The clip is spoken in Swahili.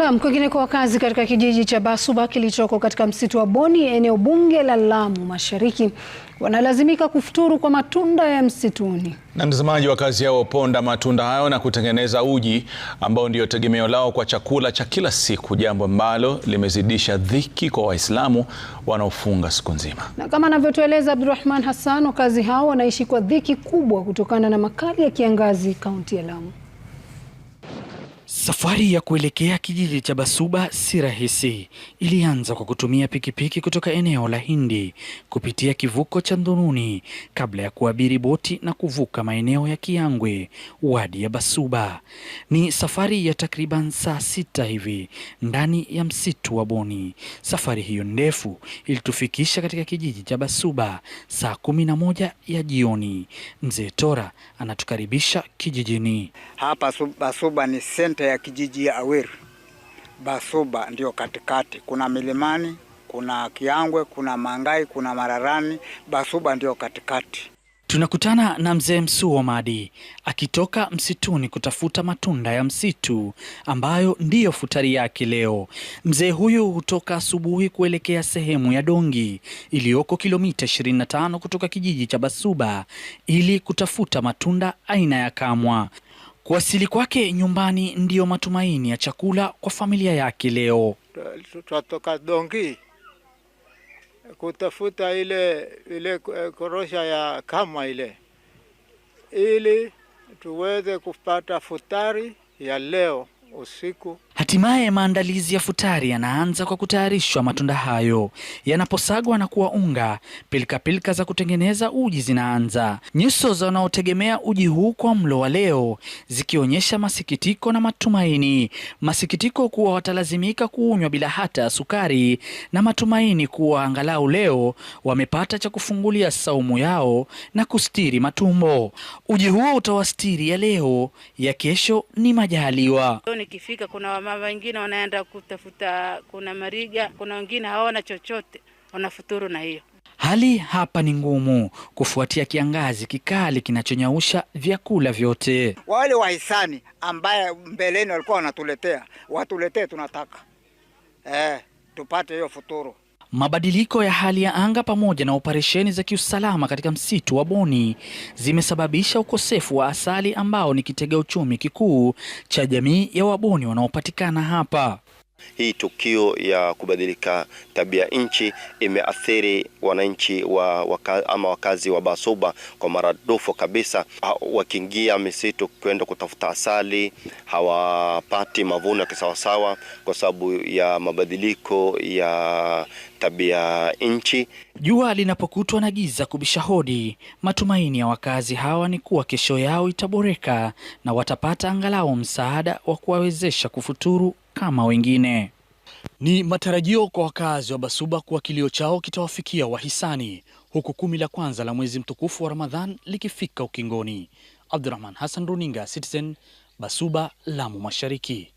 Naam, kwa wakazi katika kijiji cha Basuba kilichoko katika msitu wa Boni eneo bunge la Lamu Mashariki wanalazimika kufuturu kwa matunda ya msituni. Na mtazamaji, wakazi hao huponda matunda hayo na kutengeneza uji ambao ndio tegemeo lao kwa chakula cha kila siku, jambo ambalo limezidisha dhiki kwa Waislamu wanaofunga siku nzima. Na kama anavyotueleza Abdurrahman Hassan, wakazi hao wanaishi kwa dhiki kubwa kutokana na makali ya kiangazi kaunti ya Lamu. Safari ya kuelekea kijiji cha Basuba si rahisi. Ilianza kwa kutumia pikipiki kutoka eneo la Hindi kupitia kivuko cha Ndununi kabla ya kuabiri boti na kuvuka maeneo ya Kiangwe, wadi ya Basuba. Ni safari ya takriban saa sita hivi ndani ya msitu wa Boni. Safari hiyo ndefu ilitufikisha katika kijiji cha Basuba saa kumi na moja ya jioni. Mzee Tora anatukaribisha kijijini. Hapa Basuba ni senta ya kijiji ya awiru Basuba ndio katikati, kuna milimani, kuna Kiangwe, kuna Mangai, kuna Mararani. Basuba ndio katikati. Tunakutana na mzee Msuo Madi akitoka msituni kutafuta matunda ya msitu ambayo ndiyo futari yake leo. Mzee huyu hutoka asubuhi kuelekea sehemu ya Dongi iliyoko kilomita 25 kutoka kijiji cha Basuba ili kutafuta matunda aina ya kamwa. Kuwasili kwake nyumbani ndiyo matumaini ya chakula kwa familia yake. Leo twatoka dongi kutafuta ile ile korosha ya kama ile ili tuweze kupata futari ya leo usiku. Hatimaye maandalizi ya futari yanaanza kwa kutayarishwa. Matunda hayo yanaposagwa na kuwa unga, pilika pilika za kutengeneza uji zinaanza. Nyuso za wanaotegemea uji huu kwa mlo wa leo zikionyesha masikitiko na matumaini, masikitiko kuwa watalazimika kuunywa bila hata sukari, na matumaini kuwa angalau leo wamepata cha kufungulia saumu yao na kustiri matumbo. Uji huo utawastiri ya leo, ya kesho ni majaliwa. Nikifika kuna wama mama wengine wanaenda kutafuta, kuna mariga, kuna wengine hawana chochote, wanafuturu na hiyo. Hali hapa ni ngumu kufuatia kiangazi kikali kinachonyausha vyakula vyote. Wale wahisani ambaye mbeleni walikuwa wanatuletea, watuletee tunataka eh, tupate hiyo futuru. Mabadiliko ya hali ya anga pamoja na operesheni za kiusalama katika msitu wa Boni zimesababisha ukosefu wa asali ambao ni kitega uchumi kikuu cha jamii ya Waboni wanaopatikana hapa. Hii tukio ya kubadilika tabia nchi imeathiri wananchi wa waka, ama wakazi wa Basuba kwa maradufu kabisa. Wakiingia misitu kwenda kutafuta asali hawapati mavuno ya kisawasawa kwa sababu ya mabadiliko ya tabia nchi. Jua linapokutwa na giza kubisha hodi, matumaini ya wakazi hawa ni kuwa kesho yao itaboreka na watapata angalau msaada wa kuwawezesha kufuturu kama wengine. Ni matarajio kwa wakazi wa Basuba kuwa kilio chao kitawafikia wahisani huku kumi la kwanza la mwezi mtukufu wa Ramadhan likifika ukingoni. Abdurrahman Hassan, Runinga Citizen, Basuba, Lamu Mashariki.